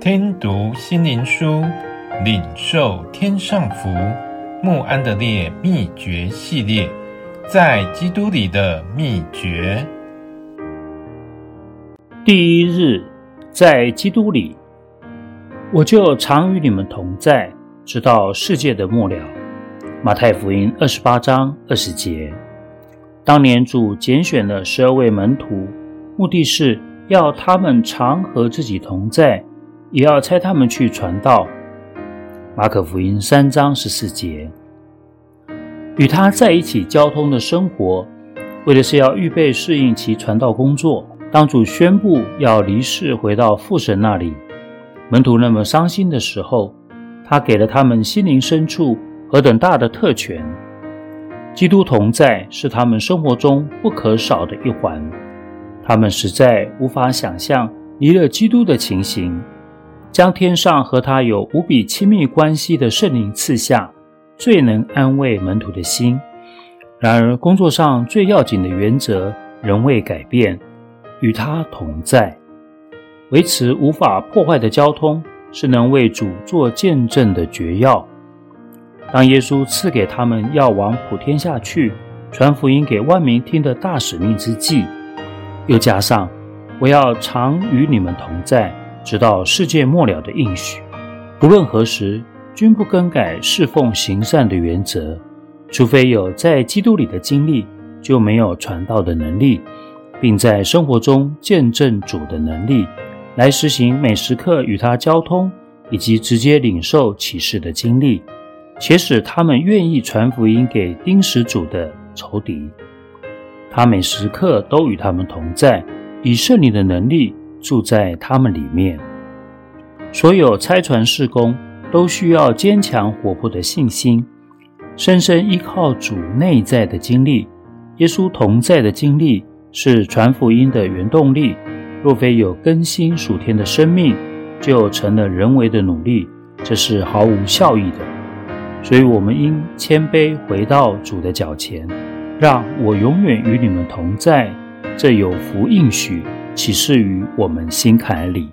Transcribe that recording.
聽讀心靈書，領受天上福。慕安德烈秘訣系列，在基督裡的秘訣。第一日，在基督裡，我就常與你們同在，直到世界的末了。馬太福音二十八章二十節。當年主揀選了十二位門徒，目的是要他們常和自己同在。也要差他們去傳道。馬可福音三章十四節，與他在一起交通的生活，為的是要預備適應其傳道工作。當主宣布要離世，回到父神那裡，門徒那麼傷心的時候，他給了他們心靈深處何等大的特權。基督同在是他們生活中不可少的一環。他們實在無法想象離了基督的情形。將天上和他有無比親密關係的聖靈賜下，最能安慰門徒的心。然而，工作上最要緊的原則仍未改變，與他同在，維持無法破壞的交通，是能為主作見證的訣要。當耶穌賜給他們要往普天下去，傳福音給萬民聽的大使命之際，又加上我要常與你們同在。直到世界末了的應許，不論何時，均不更改事奉行善的原則。除非有在基督裡的經歷，就沒有傳道的能力，並在生活中見證主的能力，來實行每時刻與他交通，以及直接領受啟示的經歷，且使他們願意傳福音給釘死主的仇敵。他每時刻都與他們同在，以聖靈的能力。住在他們裡面。所有差傳事工都需要堅強活潑的信心，深深依靠主內在的經歷。耶穌同在的經歷，是傳福音的原動力。若非有更新屬天的生命，就成了人為的努力，這是毫無效益的。所以，我們應謙卑回到主的腳前。讓我永遠與你們同在，這有福應許。啟示於我們心坎裡。